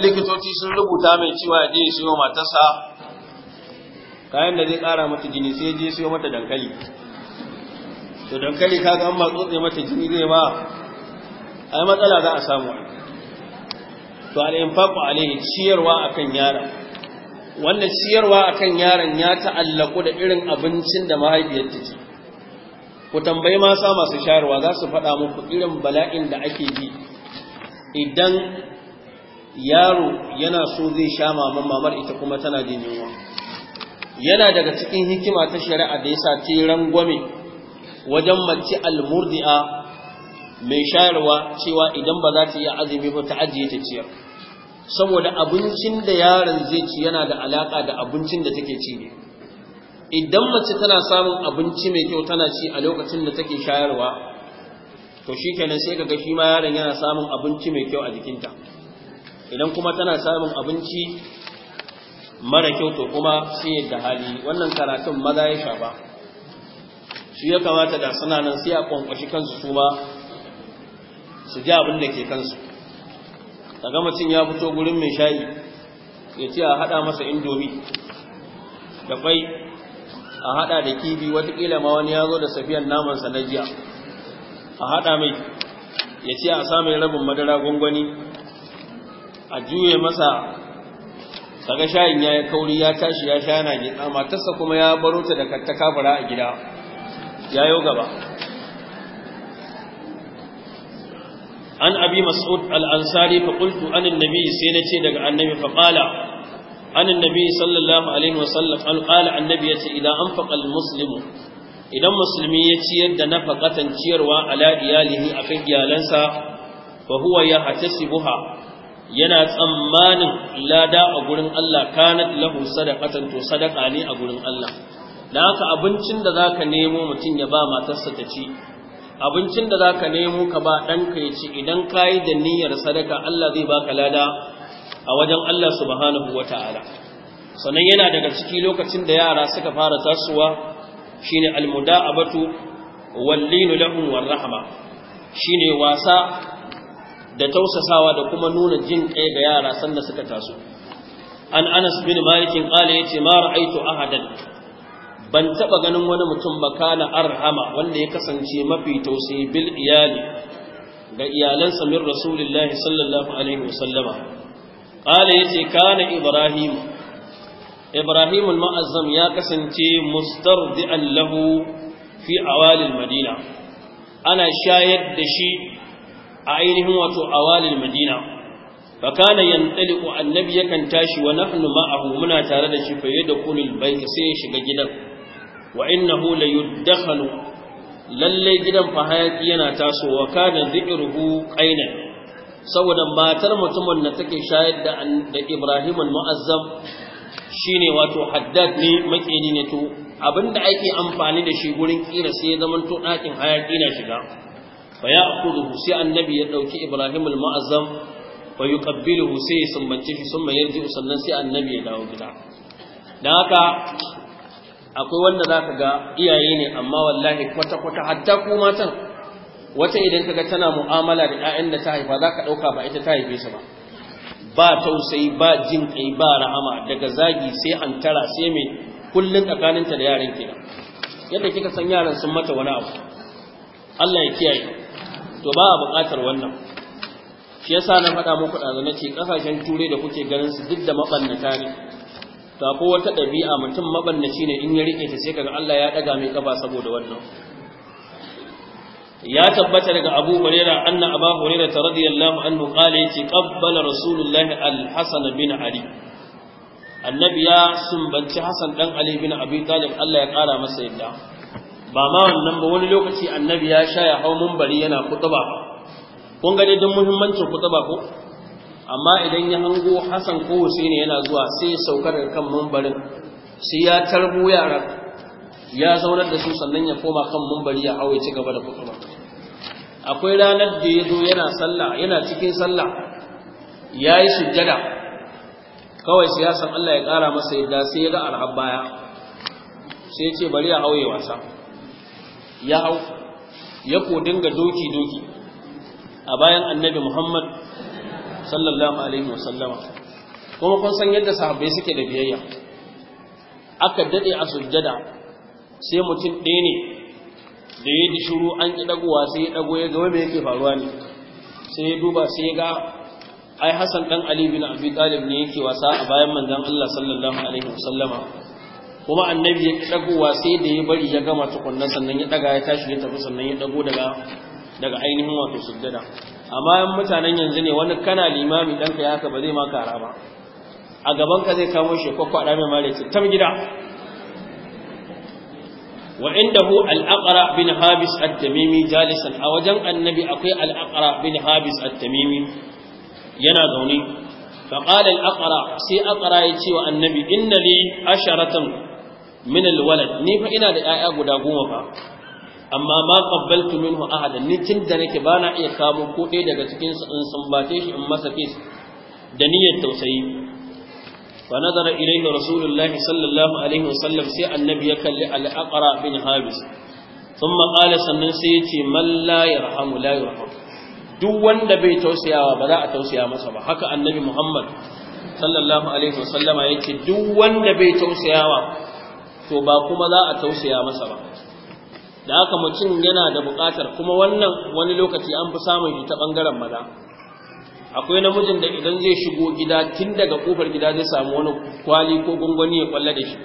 likitoci sun rubuta mai cewa ya je ya siyo matarsa kayan da zai kara mata jini sai je siyo mata dankali to dankali kaga an ba tsotse mata jini zai ba ai matsala za a samu to al-infaqu alayhi ciyarwa akan yaron wannan ciyarwa akan yaron ya ta'allaku da irin abincin da mahaifiyar ta ci ku tambayi masa masu shayarwa za su faɗa muku irin bala'in da ake ji idan yaro yana so zai sha maman mamar ita kuma tana jin yunwa yana daga cikin hikima ta shari'a da yasa ta rangwame wajen mace almurdi'a mai shayarwa cewa idan ba za ta yi azumi ba ta ajiye ta ciyar saboda abincin da yaron zai ci yana da alaka da abincin da take ci ne idan mace tana samun abinci mai kyau tana ci a lokacin da take shayarwa to kenan sai kaga shi ma yaron yana samun abinci mai kyau a jikinta idan kuma tana samun abinci mara kyau to kuma yi da hali wannan karatun maza ya shafa shi ya kamata da suna nan sai a kwankwashi kansu su ba, su ji abin da ke kansu daga mutum ya fito gurin mai shayi ya ce a haɗa masa indomi da kwai a haɗa da kibi watakila ma wani ya zo da safiyan namansa na jiya a haɗa mai ya ce a samun rabin madara gwangwani a juye masa saka shayin ya yi kauri ya tashi ya shana yana gina matarsa kuma ya baro ta da ta kafara a gida ya yau gaba an abi mas'ud al-ansari fa qultu an annabi sai na ce daga annabi fa qala an annabi sallallahu alaihi wasallam an qala annabi ce idan an al-muslimu idan musulmi ya ciyar da nafaqatan ciyarwa ala iyalihi akan iyalansa fa huwa ya hatasibuha yana tsammanin lada a gurin Allah kanat lahu sadaqatan to sadaqa ne a gurin Allah dan haka abincin da zaka nemo mutum ya ba matarsa ta ci abincin da zaka nemo ka ba ɗanka ya ci idan kayi da niyyar sadaka Allah zai baka lada a wajen Allah subhanahu wataala sannan yana daga ciki lokacin da yara suka fara tasowa shine almuda'abatu wallinu lahum warahma shine wasa da tausasawa da kuma nuna jin kai ga yara sanda suka taso an anas bin malikin kala ya ce ma ra'aitu ahadan ban taba ganin wani mutum ba kana arhama wanda ya kasance mafi tausayi bil iyali ga iyalansa min rasulillahi sallallahu alaihi wasallama kala ya ce kana ibrahim ibrahim al-ma'azzam ya kasance mustardi'an lahu fi awalil madina ana shayar da shi a ainihin wato awalil madina fa kana yantaliqu annabi yakan tashi wa nahnu ma'ahu muna tare da shi fa yadkhulul bayt sai ya shiga gidan wa innahu la yudkhalu lalle gidan fa hayaki yana tasowa kana dhikruhu qaina saboda matar mutumin da take shayar da da Ibrahim al-Mu'azzam shine wato Haddad ne makeni ne to abinda ake amfani da shi gurin kira sai ya zama to dakin hayaki na shiga fa سي النبي annabi ya المعظم ibrahim al-mu'azzam في yuqabbiluhu يرجع ya سي النبي summa yarji sannan sai annabi ya dawo gida akwai wanda zaka ga iyaye ne amma wallahi kwata kwata hatta ku matan wata idan ka ga tana mu'amala da yayan da ta haifa za ka ɗauka ba ita ta haife su ba ba tausayi ba jin kai ba rahama daga zagi sai an tara sai mai kullun tsakaninta da yaran kina yadda kika san yaran sun mata wani abu Allah ya kiyaye to ba a buƙatar wannan shi yasa na faɗa muku ɗazu na ce ƙasashen turai da kuke ganin su duk da maɓannata ne ta ko wata ɗabi'a mutum maɓannaci ne in ya riƙe ta sai kaga Allah ya ɗaga mai ƙafa saboda wannan ya tabbata daga Abu Huraira anna Abu Huraira ta radiyallahu anhu qala yace qabbala Rasulullahi al-Hasan bin Ali annabi ya sumbanci Hassan dan Ali bin Abi Talib Allah ya ƙara masa yadda ba ma wannan ba wani lokaci annabi ya sha ya hau mumbari yana kutuba kun gane don muhimmancin kutuba ko amma idan ya hango Hassan ko Husaini yana zuwa sai ya sauka daga kan mumbarin sai ya tarbu yaran ya zaunar da su sannan ya koma kan mumbari ya hau ya ci gaba da kutuba akwai ranar da ya zo yana sallah yana cikin sallah ya yi sujjada kawai siyasan Allah ya ƙara masa yadda sai ya ga alhabbaya sai ya ce bari a hauye wasa ya hau ya ko dinga doki doki a bayan annabi Muhammad sallallahu alaihi wasallama kuma kun san yadda sahabbai suke da biyayya aka dade a sujjada sai mutum ɗaya ne da ya ji shuru an ki ɗagowa sai ya ɗago ya ga yake faruwa ne sai ya duba sai ya ga ai Hassan ɗan Ali bin Abi ɗalib ne yake wasa a bayan manzan Allah sallallahu alaihi wasallama kuma annabi ya dagowa sai da ya bari ya gama tukunna sannan ya daga ya tashi ya tafi sannan ya dago daga ainihin wato sujjada amma yan mutanen yanzu ne wani kana limami dan ka haka ba zai ma kara ba a gaban ka zai kamo shi kokko da mai mare tam gida wa indahu al-aqra bin habis at-tamimi jalisan a wajen annabi akwai al-aqra bin habis at-tamimi yana zaune فقال الأقرع سي أقرع يتي والنبي إن لي عشرة min alwalad ni fa ina da 'ya'ya guda goma fa amma ma qabbaltu minhu ahada ni tun da nake ba na iya kamo ko ɗaya daga cikin su in sumbace shi in masa kis da niyyar tausayi fa nazara ilayhi rasulullah sallallahu alaihi wasallam sai annabi ya kalli al-aqra bin habis thumma qala sannan sai ya ce man la yarhamu la yarham duk wanda bai tausayawa ba za a tausaya masa ba haka annabi muhammad sallallahu alaihi wasallama yake duk wanda bai tausayawa to ba kuma za a tausaya masa ba da haka mutum yana da buƙatar kuma wannan wani lokaci an fi samun shi ta ɓangaren maza akwai namijin da idan zai shigo gida tun daga ƙofar gida zai samu wani kwali ko gungwani ya kwalla da shi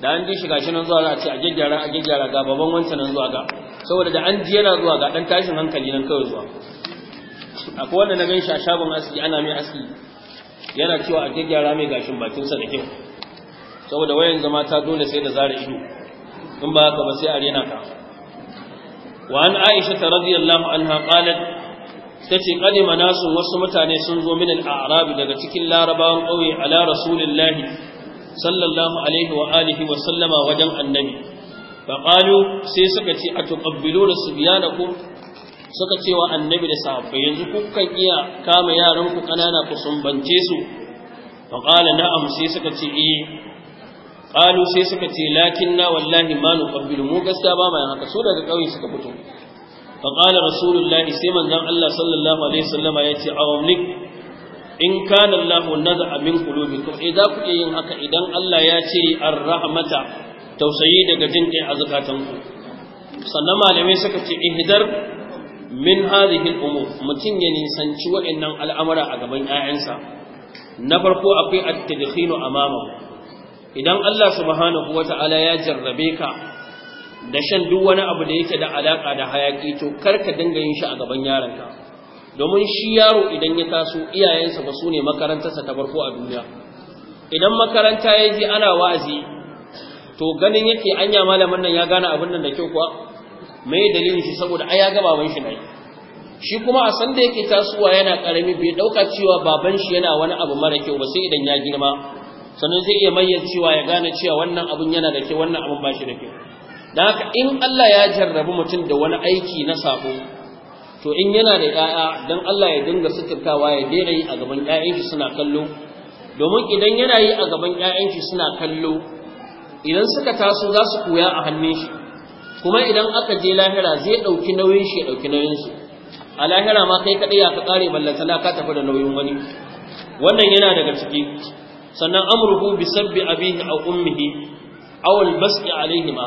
da an ji shiga shi nan zuwa za a ce a gyaggyara a gyaggyara ga baban wancan nan zuwa ga saboda da an ji yana zuwa ga ɗan tashin hankali nan kawai zuwa akwai wanda na gan shi a shagon aski ana mai aski yana cewa a gyaggyara mai gashin bakinsa da kyau saboda wayan zama ta dole sai da zara ido in ba haka ba sai a rena ka wa an aisha ta radiyallahu anha qalat tace qadima nasu wasu mutane sun zo min al-a'rab daga cikin larabawan kauye ala rasulillahi sallallahu alaihi wa alihi wa sallama wajen annabi fa qalu sai suka ce atuqabbiluna sibyanakum suka ce wa annabi da sahabbai yanzu kukan iya kama yaran ku kanana ku sumbance su fa qala na'am sai suka ce eh qalu sai suka ce lakinna wallahi ma nuqabbilu mu gaskiya ba mai haka so daga kauye suka fito fa qala rasulullahi sai manzon Allah sallallahu alaihi wasallama yace awamlik in kana Allah naza'a min qulubikum idan eh, ku yin haka idan Allah ya ce arrahmata tausayi daga jinkai a zakatanku sannan malamai suka ce ihdar min hadhihi al-umur mutun ya nisanci wa'annan al'amura a gaban 'ya'yansa. na farko akwai at-tadkhinu amamahu idan Allah subhanahu wata'ala ya jarrabe ka da shan duk wani abu da yake da alaka da hayaki to karka dinga yin shi a gaban yaranka, domin shi yaro idan ya taso iyayensa ba su ne makarantarsa ta farko a duniya idan makaranta ya je ana wa'azi to ganin yake anya malamin nan ya gane abin nan da kyau kuwa mai dalilin shi saboda ai ya ga baban shi ne shi kuma a san da yake tasowa yana karami bai dauka cewa baban shi yana wani abu mara kyau ba sai idan ya girma sannan zai iya cewa ya gane cewa wannan abun yana da ke, wannan abun bashi shi da ke. Da haka in Allah ya jarrabi mutum da wani aiki na sako to in yana da ƴaƴa don Allah ya dinga suturtawa ya daina yi a gaban ƴaƴan shi suna kallo domin idan yana yi a gaban ƴaƴan shi suna kallo idan suka taso za su koya a hannun shi kuma idan aka je lahira zai ɗauki nauyin shi ya ɗauki nauyin su a lahira ma kai kaɗai ya ka ƙare ballantana ka tafi da nauyin wani wannan yana daga ciki sannan amruhu bi sabbi abihi aw ummihi aw al-basqi alaihima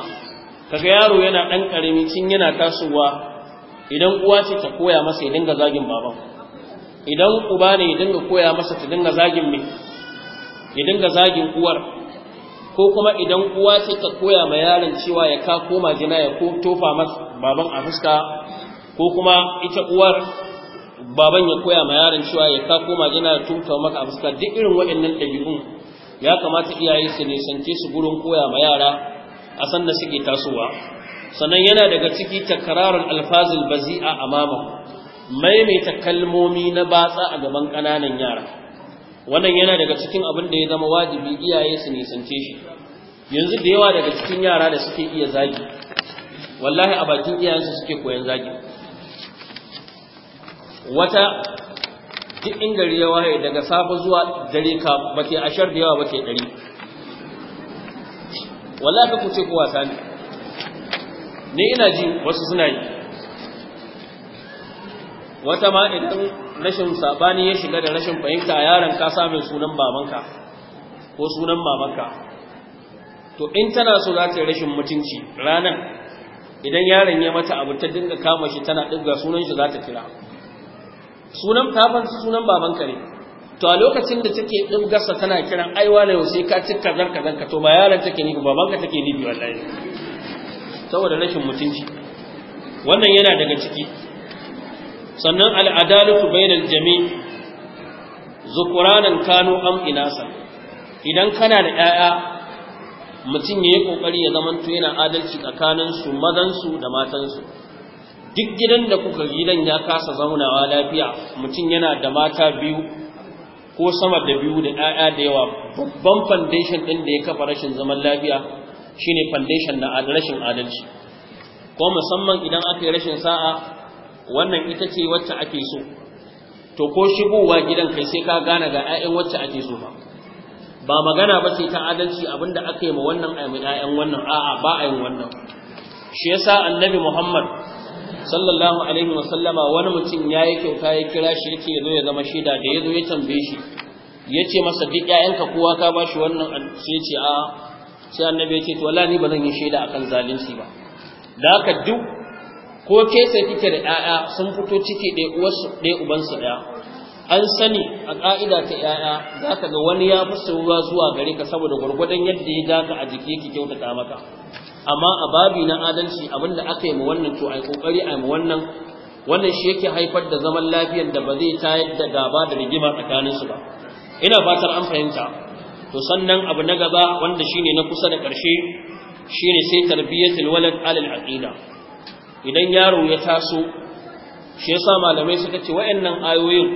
kaga yaro yana dan karami cin yana tasowa idan uwa ce ta koya masa ya dinga zagin baban idan uba ne ya dinga koya masa ta dinga zagin me ya dinga zagin uwar ko kuma idan uwa ce ta koya ma yaron cewa ya ka koma jina ya ko tofa masa baban a fuska ko kuma ita uwar baban ya koya ma yaron cewa ya ka koma yana tuta maka a fuska duk irin waɗannan ɗabi'un ya kamata iyaye su nisance su gurin koya ma yara a san da suke tasowa sannan yana daga ciki takararar alfazil bazi'a a mama maimaita kalmomi na batsa a gaban ƙananan yara wannan yana daga cikin abin da ya zama wajibi iyaye su nisance shi yanzu da yawa daga cikin yara da suke iya zagi wallahi a bakin iyayensu suke koyan zagi wata duk ingari ya waye daga safa zuwa dare ka bace ashar da yawa bace dari wallahi ka kuce ko wasa ne ni ina ji wasu suna yi wata ma idan rashin sabani ya shiga da rashin fahimta yaron ka sa sunan babanka ko sunan mamanka to in tana so za ta yi rashin mutunci ranan idan yaron ya mata abu ta dinga kama shi tana dinga sunan shi za ta kira sunan su sunan babanka ne to a lokacin da take dubgarsa tana kiran aiwa na yau sai ka ci kazar kazar to ba yaran take ni babanka take ni bi wallahi saboda rashin mutunci wannan yana daga ciki sannan adalatu bainal jami' zukuranan kanu am inasa idan kana da 'ya'ya mutum ya yi ƙoƙari ya zamanto yana adalci tsakanin tsakaninsu su da matan su. duk gidan da kuka gidan ya kasa zaunawa lafiya mutum yana da mata biyu ko sama da biyu da ɗaya da yawa babban foundation ɗin da ya kafa rashin zaman lafiya shine foundation na rashin adalci ko musamman idan aka yi rashin sa'a wannan ita ce wacce ake so to ko shigowa gidan kai sai ka gane ga 'ya'yan wacce ake so ba ba magana ba ce ta adalci abinda aka yi ma wannan a 'ya'yan wannan a'a ba a yin wannan shi yasa annabi muhammad sallallahu alaihi wasallama wani mutum ya yi kyauta ya kira shi yake ya zo ya zama shida. da ya zo ya tambaye shi ya ce masa duk ƴaƴanka kowa ka ba shi wannan sai ce a sai annabi ya ce to wallahi ba zan yi shaida akan zalunci ba da haka duk ko ke sai kike da ƴaƴa sun fito ciki ɗaya uwarsu ɗaya ubansu ɗaya an sani a ƙa'ida ta ƴaƴa za ka ga wani ya fi sauwa zuwa gare ka saboda gwargwadon yadda ya daka a jiki yake kyautata maka amma a babi na adalci abinda aka yi ma wannan to ai kokari ai ma wannan wannan shi yake haifar da zaman lafiyar da ba zai tayar da gaba da rigima tsakanin su ba ina fatar an fahimta to sannan abu na gaba wanda shine na kusa da karshe shine sai tarbiyatul walad alal aqida idan yaro ya taso shi yasa malamai suka ce wayannan ayoyin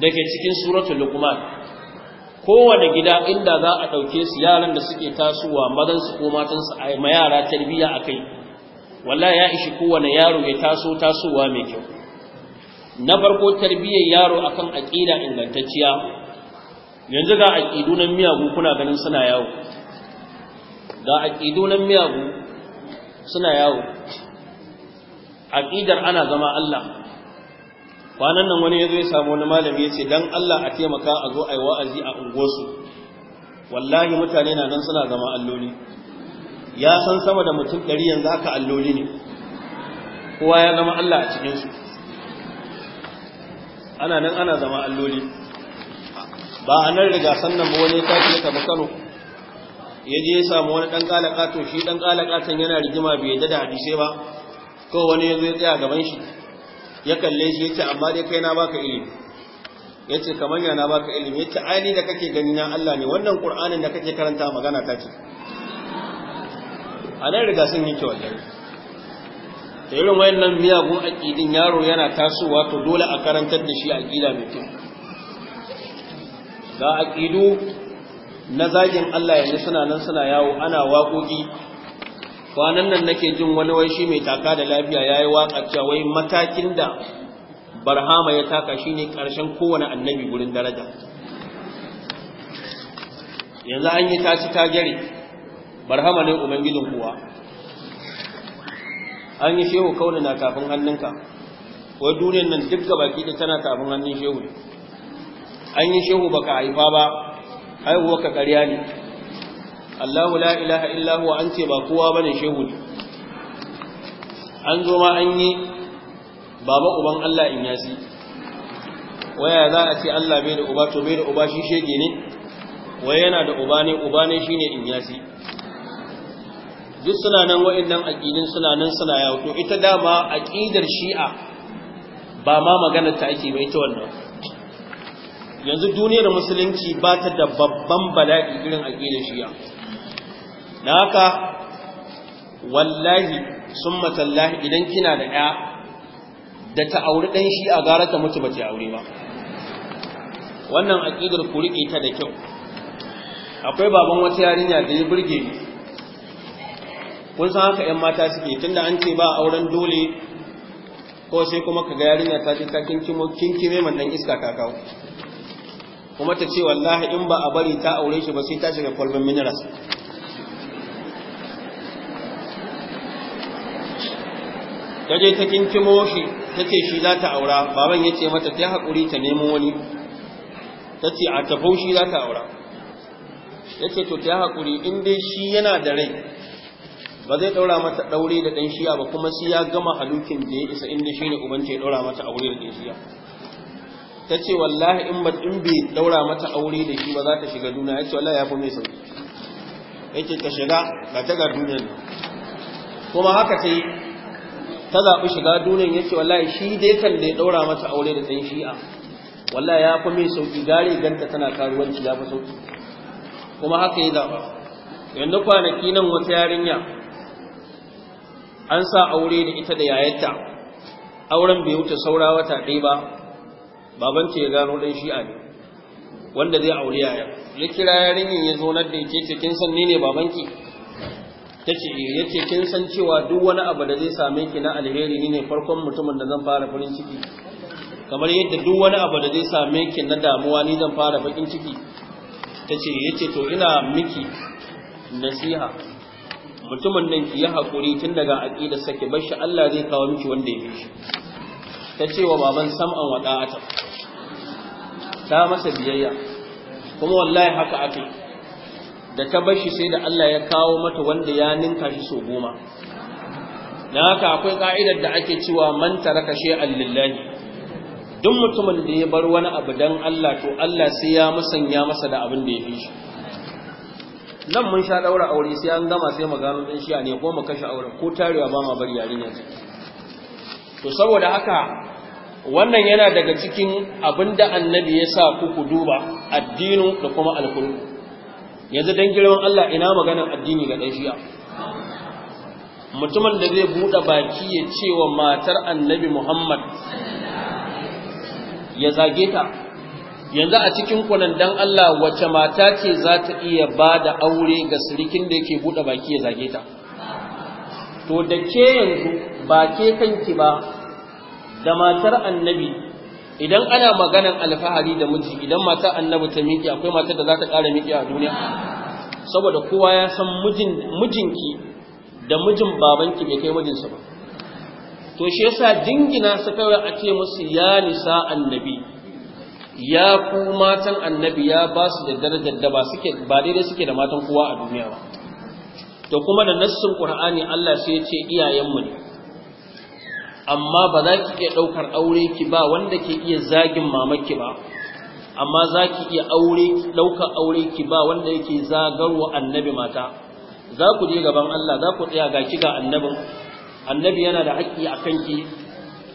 dake cikin suratul luqman kowane gida inda za a ɗauke su yaran da suke tasowa mazansu ko matansu a ma yara tarbiyya a kai wallahi ya ishi kowane yaro ya taso tasowa mai kyau na farko tarbiyyar yaro akan aƙida ingantacciya yanzu ga aƙidu nan miyagu kuna ganin suna yawo ga aƙidu nan miyagu suna yawo aƙidar ana zama Allah kwanan nan wani ya zo ya samu wani malami ya ce dan Allah a taimaka a zo a yi wa'azi a unguwarsu wallahi mutane na nan suna zama alloli ya san sama da mutum ɗari yanzu haka alloli ne kowa ya zama Allah a cikinsu ana nan ana zama alloli ba a nan riga sannan ba wani ta ce ta Kano ya je ya samu wani ɗan ƙalaƙa to shi ɗan ƙalaƙa can yana rigima bai yadda da hadisai ba kowa wani ya zo ya tsaya gaban shi ya kalle shi yace amma dai kai na baka ilimi yace kamar ya na baka ilimi yace ai da kake gani na Allah ne wannan Qur'anin da kake karanta magana ta ce anan riga sun yi wallahi da irin wayannan miyagun aqidin yaro yana tasowa to dole a karantar da shi aqida mai kyau ga aqidu na zagin Allah yanzu suna nan suna yawo ana waƙoƙi kwanan nan nake jin wani wai shi mai taka da lafiya yayi waka cewa wai matakin da barhama ya taka shine karshen kowane annabi gurin daraja yanzu an yi ta ci ta gare barhama ne ubangijin kuwa an yi shehu kauna na kafin hannunka wai duniyar nan duk baki da tana kafin hannun shehu an yi shehu baka haifa ba haihuwa ka ƙarya ne Allahu la ilaha illa huwa an ce ba kowa bane shehu ne an zo ma an yi baba uban Allah in yasi waya za a ce Allah bai da uba to bai da uba shi shege ne waya yana da uba ne uba ne shine in yasi duk suna nan wa'annan aqidin suna nan suna yawo to ita dama aqidar shi'a ba ma maganar ta ake ba ita wannan yanzu duniyar musulunci ba ta da babban bala'i irin aqidar shi'a da haka wallahi sun matallahi idan kina da ya da ta auri ɗan shi a gara ta mutu ba ta aure ba wannan aƙidar ku riƙe ta da kyau akwai baban wata yarinya da ya burge ni kun san haka 'yan mata suke tunda an ce ba auren dole ko sai kuma ka ga yarinya ta ce ta kinkimo kinkime man dan iska ka kawo kuma ta ce wallahi in ba a bari ta aure shi ba sai ta shiga kwalbin minerals ta je ta kinkimo shi ta ce shi za ta aura baban ya ce mata ta haƙuri ta nemo wani ta ce a tafo shi za ta aura ya ce to ta haƙuri in dai shi yana da rai ba zai ɗaura mata ɗaure da ɗan shiya ba kuma shi ya gama halukin da ya isa inda shi ne uban ya ɗaura mata aure da ɗan shiya ta ce wallahi in ba in bai ɗaura mata aure da shi ba za ta shiga duniya ya ce wallahi ya fi mai sauki ya ce ka shiga ga ta ga duniya kuma haka ta yi ta zaɓi shiga duniyan ya ce wallahi shi dai kan da ya ɗaura mata aure da ɗan shi'a wallahi ya fi mai sauƙi gare ganta tana karuwanci ya fi sauƙi kuma haka ya zaɓa yanzu kwanaki nan wata yarinya an sa aure da ita da yayarta auren bai wuce saura wata ɗaya ba babanta ya gano ɗan shi'a ne wanda zai aure yaya ya kira yarinyar ya zo na da ya ce kin san ni ne babanki tace yace kin san cewa duk wani abu da zai same ki na alheri ni ne farkon mutumin da zan fara farin ciki kamar yadda duk wani abu da zai same ki na damuwa ni zan fara bakin ciki tace yace to ina miki nasiha mutumin nan ki yi hakuri tun daga aqida sake bashi Allah zai kawo miki wanda ya fi shi ta ce wa baban sam'an wa ɗa'ata ta masa biyayya kuma wallahi haka ake da ta bar shi sai da Allah ya kawo mata wanda ya ninka shi so goma Na haka akwai ka'idar da ake cewa man taraka shay'an lillahi duk mutumin da ya bar wani abu dan Allah to Allah sai ya musanya masa da abin da ya fi shi nan mun sha daura aure sai an gama sai mu gano din shi ne ko mu kashe auren ko tarewa ba ma bari yarinya to saboda haka wannan yana daga cikin abinda annabi ya sa ku ku duba addinin da kuma alkhulu yanzu dan girman Allah ina maganar addini ga dan shi'a mutumin da zai buɗe baki ya ce wa matar annabi Muhammad ya zage ta yanzu a cikin kunan Allah wace mata ce za ta iya ba da aure ga sirikin da yake buɗe baki ya zage ta to da ke yanzu ba ke kanki ba da matar annabi idan ana maganan alfahari da miji idan mata annabi ta miƙe akwai mata da za ta ƙara miƙe a duniya saboda kowa ya san mijinki da mijin babanki bai kai mijinsa ba to shi yasa dingina su kawai ake musu ya nisa annabi ya ku matan annabi ya ba su da darajar da ba suke ba daidai suke da matan kowa a duniya ba to kuma da nassin qur'ani Allah sai ya ce mu ne amma ba za ki iya ɗaukar aure ki ba wanda ke iya zagin mamaki ba amma za ki iya aure ɗaukar aure ki ba wanda yake zagarwa annabi mata za ku je gaban Allah za ku tsaya ga ki ga annabin annabi yana da haƙƙi a kan ki?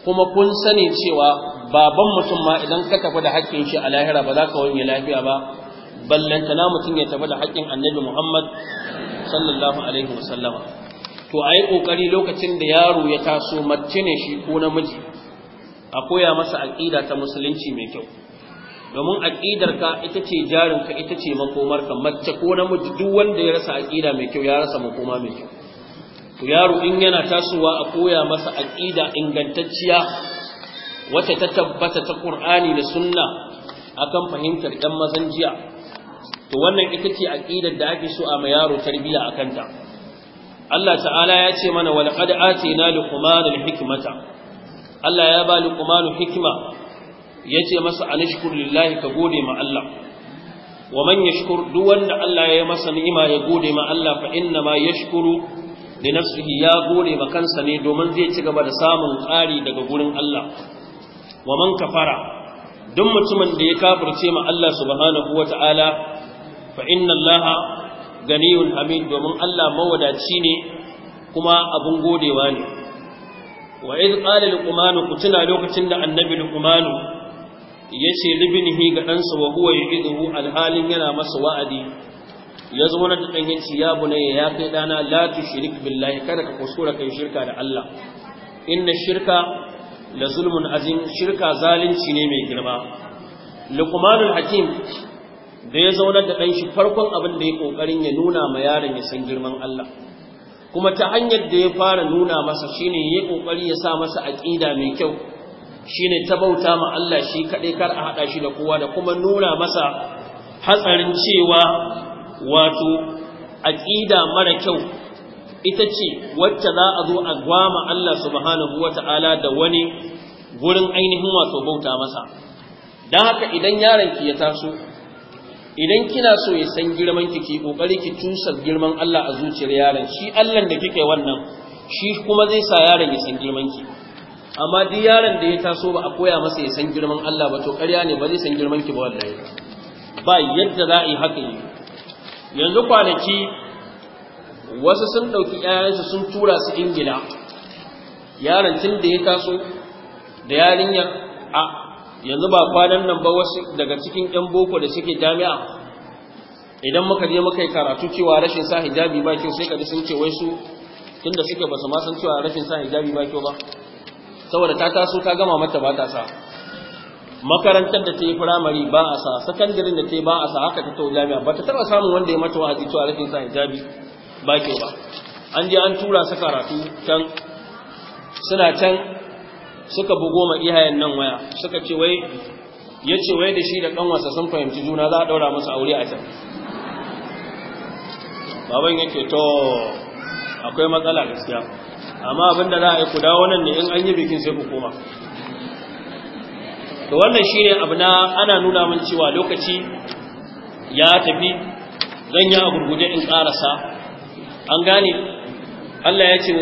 kuma kun sani cewa baban mutum ma idan ka tafi da haƙƙin shi a lahira ba za ka wani lafiya ba ballantana mutum ya tafi da haƙƙin annabi Muhammad sallallahu alaihi wasallama to a yi ƙoƙari lokacin da yaro ya taso mace ne shi ko namiji a koya masa aƙida ta musulunci mai kyau domin ka ita ce jarinka ita ce makomarka mace ko namiji duk wanda ya rasa aƙida mai kyau ya rasa makoma mai kyau to yaro in yana tasowa a koya masa aƙida ingantacciya wace ta tabbata ta ƙur'ani da sunna akan fahimtar 'yan mazan jiya to wannan ita ce aƙidar da ake so a ma yaro tarbiyya a kanta Allah ta'ala ya ce mana wani qad atina luqmana hikimata. Allah ya ba luqmanu hikima yace masa anashkur lillahi ka gode ma Allah wa man yashkur duk wanda Allah ya masa ni'ima ya gode ma Allah fa inna ma yashkuru li nafsihi ya gode ma kansa ne domin zai ci gaba da samun ƙari daga gurin Allah wa man kafara duk mutumin da ya kafirce ma Allah subhanahu wata'ala fa inna Allah ganiyun hamid domin Allah mawadaci ne kuma abun godewa ne wa iz qala luqman ku lokacin da annabi luqman yace libnihi ga ɗansa wa huwa yu'iduhu alhalin yana masa wa'adi ya zo na dan ya bunayya ya kai dana la tushrik billahi kada ka kuskura kai shirka da Allah inna shirka la zulmun azim shirka zalunci ne mai girma luqmanul hakim da ya zaunar da ɗan shi farkon abin da ya ƙoƙarin ya nuna ma yaron ya san girman Allah kuma ta hanyar da ya fara nuna masa shine ya ƙoƙari ya sa masa aƙida mai kyau shine ta bauta ma Allah shi kaɗai kar a haɗa shi da kowa da kuma nuna masa hatsarin cewa wato aƙida mara kyau ita ce wacce za a zo a gwama Allah subhanahu da wani gurin ainihin wato bauta masa don haka idan yaron ya taso idan kina so ya san girman ki kokari ki tusa girman Allah a zuciyar yaron shi Allah da kike wannan shi kuma zai sa yaron ya san girman ki amma duk yaron da ya taso ba a koya masa ya san girman Allah ba to ƙarya ne ba zai san girman ki ba wallahi ba yadda za a yi haka yi yanzu kwanaki wasu sun ɗauki ƴaƴansu sun tura su ingila yaron tun da ya taso da yarinya a yanzu ba kwanan nan ba wasu daga cikin yan boko da suke jami'a idan muka je muka yi karatu cewa rashin sa hijabi ba kyau sai ka sun ce wai su tunda suke ba su ma san cewa rashin sa hijabi ba kyau ba saboda ta taso ta gama mata ba ta sa makarantar da ta yi firamare ba a sa sakandaren da ta yi ba a sa haka ta tau jami'a ba ta taɓa samun wanda ya mata wa'azi cewa rashin sa hijabi ba kyau ba an je an tura su karatu can suna can suka bugo ma iyayen nan waya suka ce wai ya ce wai da shi da wasa sun fahimci juna za a ɗaura musu aure a can baban yake to akwai matsala gaskiya amma abinda za a yi ku dawo nan ne in an yi bikin sai ku koma to wannan shine abu na ana nuna min cewa lokaci ya tafi zan yi a gurguje in karasa an gane Allah ya ce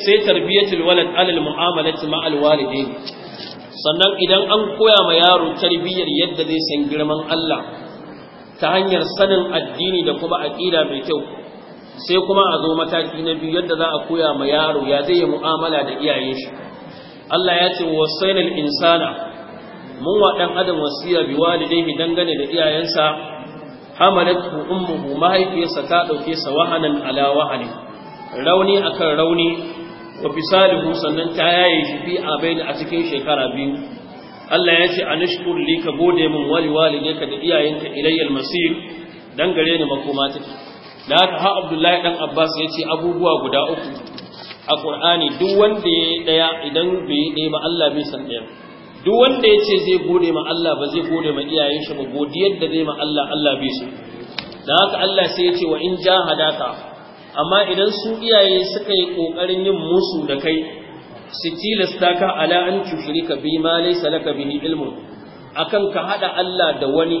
sai tarbiyatul walad alal mu'amalati ma sannan idan an koya ma yaro tarbiyyar yadda zai san girman Allah ta hanyar sanin addini da kuma aqida mai kyau sai kuma a zo mataki na biyu yadda za a koya ma yaro ya zai yi mu'amala da iyayen shi Allah ya ce wa sainal insana mun wa dan adam wasiya bi walidayhi dangane da iyayensa hamalatu ummuhu mahaifiyarsa ta dauke sa wahanan ala wahani rauni akan rauni wa salihu sannan ta yaye shi fi da a cikin shekara biyu Allah ya ce anishkur li ka gode min wali ka da iyayenka ilayyal masir dan gare ni makoma take da haka ha Abdullahi dan Abbas ya ce abubuwa guda uku a Qur'ani duk wanda ya daya idan bai yi ba Allah bai san daya duk wanda ya ce zai gode ma Allah ba zai gode ma iyayen shi ba godiyar da zai ma Allah Allah bai so da haka Allah sai ya ce wa in jahadaka amma idan su iyaye suka yi ƙoƙarin yin musu da kai su tilasta ka ala an ka bi ma laisa laka bihi ilmun akan ka hada Allah da wani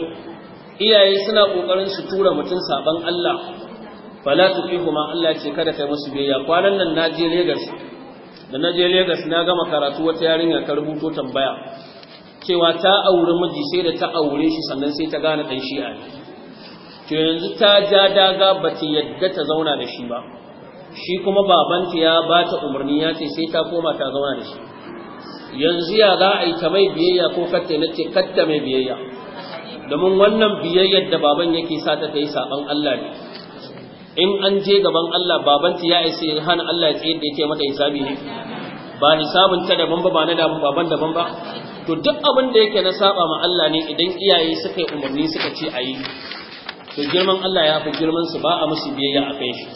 iyaye suna ƙoƙarin su tura mutum saban Allah fala tuqihu ma Allah ce kada kai musu biyayya kwanan nan na je Lagos da na je Lagos na gama karatu wata yarinya ka rubuto tambaya cewa ta aure miji sai da ta aure shi sannan sai ta gane dan shi'a to yanzu ta ja daga ba ta yadda ta zauna da shi ba shi kuma babanta ya ba ta umarni ya ce sai ta koma ta zauna da shi yanzu ya za a yi ta mai biyayya ko katta na ce katta mai biyayya domin wannan biyayyar da baban yake sa ta ta yi saɓan Allah ne in an je gaban Allah babanta ya isa hana Allah ya tsaye da yake mata hisabi ne ba hisabin ta daban ba ba na daban baban daban ba to duk abin da yake na saba ma Allah ne idan iyaye suka yi umarni suka ce a yi to girman Allah ya fi girman su ba a musu biyayya a kai shi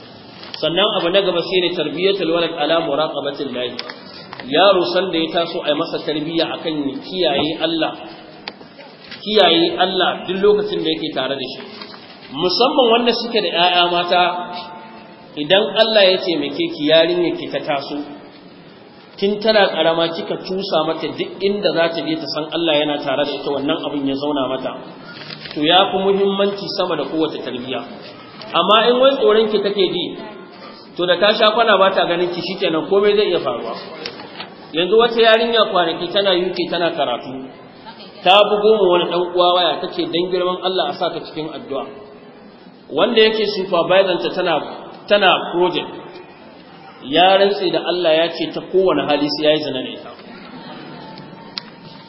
sannan abu na gaba shine tarbiyatul walad ala muraqabatil lahi yaro sanda ya taso a masa tarbiyya akan kiyaye Allah kiyaye Allah duk lokacin da yake tare da shi musamman wanda suke da 'ya'ya mata idan Allah ya taimake ki yarinya ki ta taso kin tana karama kika cusa mata duk inda za ta je ta san Allah yana tare da ita wannan abin ya zauna mata to ya fi muhimmanci sama da kowace tarbiyya amma in wani tsoron ki take ji to da ta sha kwana ba ta ganin ki shikenan komai zai iya faruwa yanzu wata yarinya kwanaki tana yuke tana karatu ta bugo mu wani dan uwa waya take dan girman Allah a saka cikin addu'a wanda yake supervisor ta tana tana project ya rantse da Allah ya ce ta kowane hali sai yayi zina ne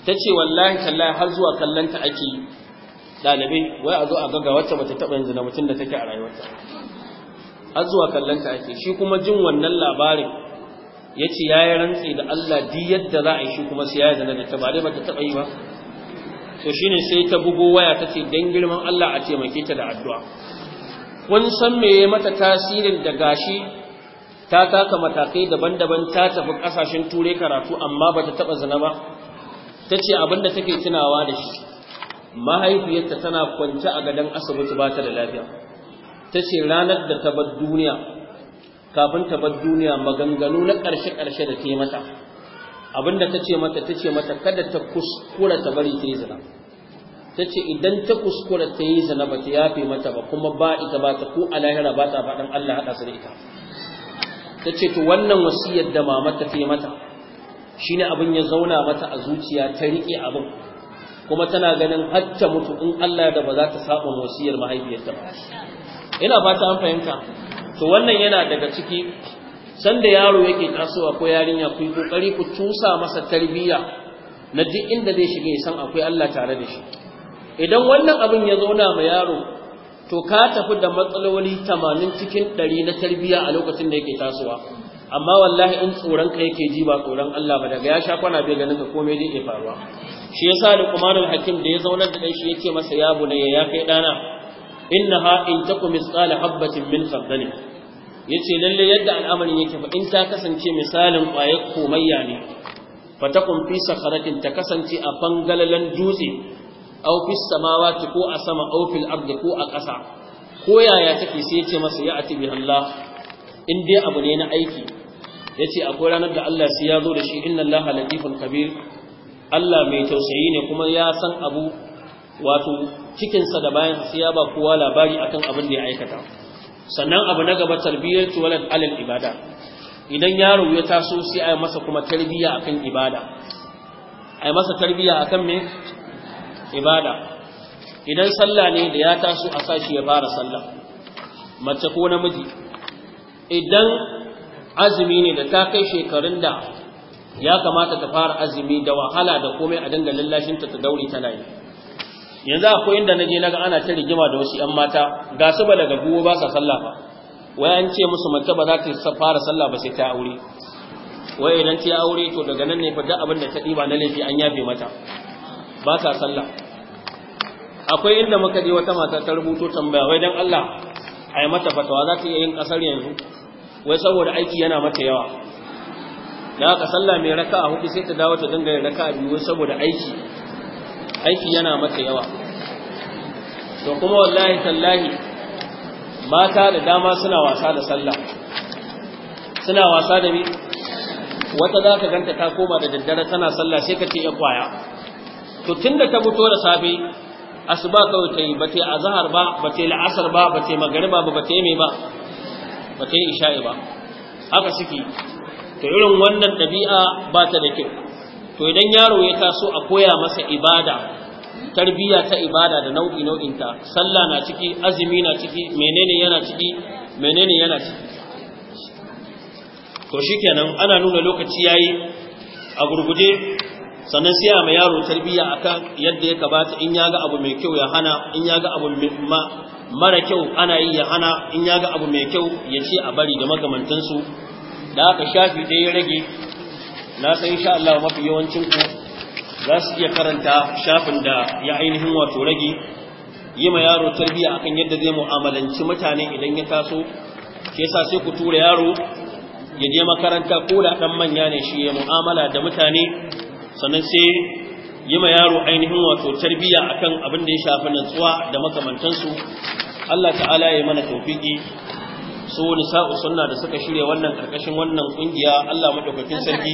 ta ce wallahi tallahi har zuwa kallanta ake ɗalibi wai a zo a gaga wacce bata taɓa yin zina mutum da take a rayuwarta har zuwa kallonta ake shi kuma jin wannan labarin ya ce ya yi rantsi da Allah di yadda za a yi shi kuma sai ya zana da ta ba dai bata taɓa yi ba to shine sai ta bugo waya ta ce dan girman Allah a taimake ta da addu'a kun san me ya mata tasirin da gashi ta taka matakai daban-daban ta tafi kasashen turai karatu amma bata taba zina ba tace abinda take tunawa da shi mahaifiyarta tana kwance a gadon asibiti ba ta da lafiya ta ce ranar da ta bar duniya kafin ta bar duniya maganganu na ƙarshe-ƙarshe da ta yi mata abinda ta ce mata ta ce mata kada ta kuskura ta bari ta yi zina ta ce idan ta kuskura ta yi zina ba ta yafe mata ba kuma ba ita ba ta ko a lahira ba ta faɗin Allah haɗa su da ita ta ce to wannan wasiyar da mamata ta yi mata shine abin ya zauna mata a zuciya ta riƙe abin kuma tana ganin hatta mutu in Allah da ba za ta saba wasiyar mahaifiyarta ba ina fata an fahimta to wannan yana daga ciki sanda yaro yake tasowa ko yarinya ku kokari ku tusa masa tarbiyya na duk inda zai shiga san akwai Allah tare da shi idan wannan abin ya zauna ma yaro to ka tafi da matsaloli 80 cikin 100 na tarbiyya a lokacin da yake tasowa amma wallahi in tsoron ka yake ji ba tsoron Allah ba daga ya sha kwana bai ganin ka komai dai ke faruwa shi yasa luqmanul hakim da ya zauna da dan shi yace masa ya bunayya ya kai dana innaha in takum misqala habatin min khardal yace lalle yadda al'amarin yake fa in ta kasance misalin ƙwayar komayya ne fatakun fi sakharatin ta kasance a bangalalan dutse aw fi samawati ko a sama aw fil ardi ko a ƙasa ko yaya take sai yace masa ya bi Allah in dai abu ne na aiki yace akwai ranar da Allah sai ya zo da shi inna Allah latifun kabir Allah mai tausayi ne kuma ya san abu wato cikinsa da bayan ya ba kowa labari akan abin da ya aikata sannan abu na gaba tarbiyyar walad alal ibada idan yaro ya taso sai a yi masa kuma tarbiyya akan ibada a yi masa tarbiyya akan me ibada idan sallah ne da ya taso a sashi ya fara sallah mace ko namiji idan azumi ne da ta kai shekarun da ya kamata ta fara azumi da wahala da komai a dinga lallashin ta ta daure tana yi yanzu akwai inda na naje naga ana ta rigima da wasu yan mata ga su ba daga guwo ba sa sallah ba wai an ce musu mace ba za ta fara sallah ba sai ta aure wai idan ta aure to daga nan ne fa duk abin da ta diba na laifi an yafe mata ba sa sallah akwai inda muka je wata mata ta rubuto tambaya wai dan Allah ai mata fatawa za ta iya yin kasar yanzu wai saboda aiki yana mata yawa da salla sallah mai a hudu sai ta dawo ta dinga raka a biyu saboda aiki aiki yana mata yawa to kuma wallahi tallahi mata da dama suna wasa da sallah suna wasa da mi wata za ka ganta ta koma da daddare tana sallah sai ka ce ya kwaya to tunda ta fito da safe asuba kawai ta yi bace azhar ba bace la'asar ba bace magariba ba yi mai ba yi isha'i ba haka suke to irin wannan ɗabi'a ba ta da kyau to idan yaro ya taso a koya masa ibada tarbiyya ta ibada da nau'i nau'inta sallah na ciki azumi na ciki menene yana ciki menene yana ciki to shikenan ana nuna lokaci yayi a gurguje sannan sai mai yaro tarbiyya akan yadda ya kabata in yaga abu mai kyau ya hana in yaga abu mara kyau ana yi ya hana in yaga abu mai kyau ya ce a bari da magamantansu? da aka shafi da ya rage na san insha Allah mafi yawancinku, ku za su iya karanta shafin da ya ainihin wato rage yi ma yaro tarbiyya akan yadda zai mu'amalanci mutane idan ya taso ke sa sai ku tura yaro ya je makaranta ko da dan manya ne shi ya mu'amala da mutane sannan sai yi ma yaro ainihin wato tarbiyya akan abin da ya shafi nutsuwa da makamantansu Allah ta'ala ya mana tawfiki su nisa'u sunna da suka shirya wannan karkashin wannan kungiya Allah madaukakin sarki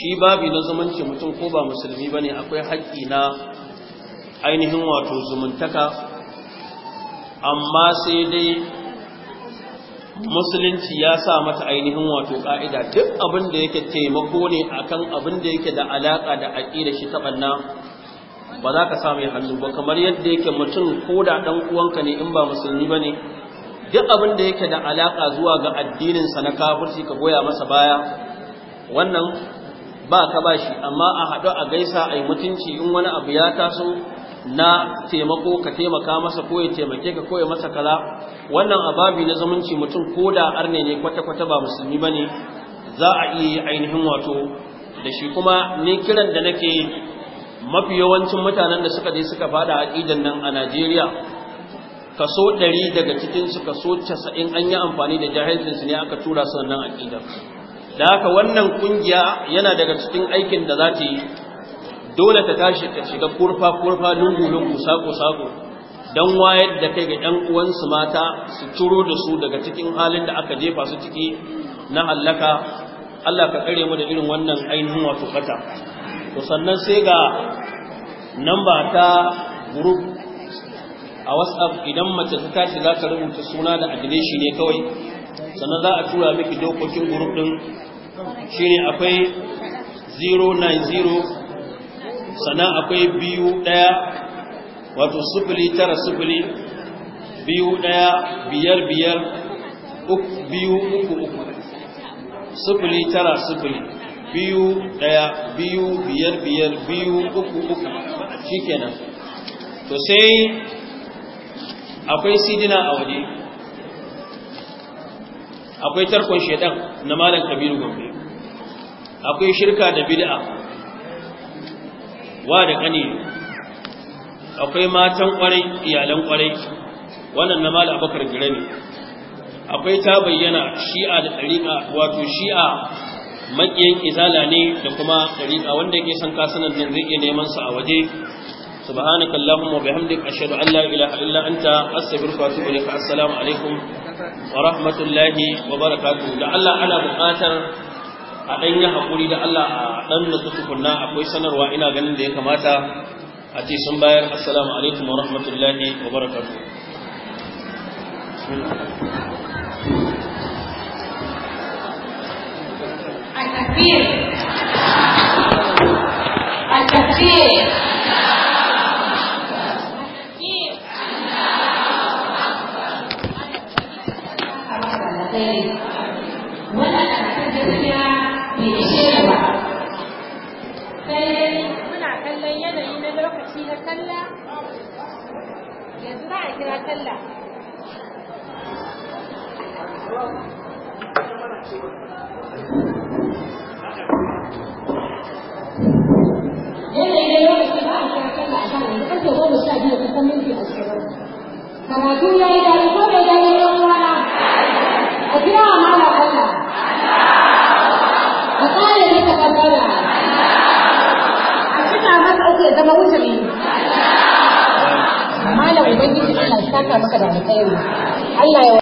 shi babi na zumunci mutum ko ba musulmi ba ne akwai haƙƙi na ainihin wato zumuntaka amma sai dai musulunci ya sa mata ainihin wato ƙa'ida duk abin da yake taimako ne akan abin da yake da alaƙa da da shi ta ɓanna ba za ka samu hannu ba kamar yadda yake mutum ko da ɗan uwanka ne in ba musulmi ba ne duk abin da yake da alaƙa zuwa ga addinin sa na kafirci ka goya masa baya wannan ba ka ba shi amma a haɗu a gaisa a yi mutunci in wani abu ya taso na taimako ka taimaka masa ko ya taimake ka ko masa kala. wannan ababi na zumunci mutum ko da arne ne kwata-kwata ba musulmi ba ne za a iya ainihin wato da shi kuma ni kiran da nake mafi yawancin mutanen da suka je suka fada aƙidan nan a Najeriya kaso ɗari daga cikin su kaso 90 an yi amfani da jahilcin su ne aka tura su nan aƙidan da haka wannan kungiya yana daga cikin aikin da za ta yi dole ta tashi ta shiga kurfa kurfa lungu lungu sako sako don wayar da kai ga 'yan uwansu mata su turo da su daga cikin halin da aka jefa su ciki na hallaka Allah ka kare mu da irin wannan ainihin wato fata to sannan sai ga namba ta group a WhatsApp idan mace ta tashi za ta rubuta suna da adireshi ne kawai sannan za a tura miki dokokin group din ne akwai 090 sannan akwai biyu ɗaya wato sufuli tara sufuli biyu ɗaya biyar biyar biyu uku uku sufuli tara sufuli biyu ɗaya biyu biyar biyar biyu uku uku shi kenan to sai akwai sidina a waje akwai tarkon shedan na malam kabiru gombe akwai shirka da bid'a wa da kani akwai matan kwarai iyalan kwarai wannan na malam abakar gira akwai ta bayyana shi'a da ɗariƙa wato shi'a maƙiyan izala ne da kuma ɗariƙa wanda yake san kasanan din zai iya neman su a waje سبحانك اللهم وبحمدك أشهد أن لا إله إلا أنت أستغفرك وأتوب إليك السلام عليكم ورحمة الله وبركاته لعل أنا بقاتل a ɗan yi haƙuri da Allah a ɗan da tukunna akwai sanarwa ina ganin da ya kamata a ce sun bayar assalamu alaikum wa wa barakatu a tafiye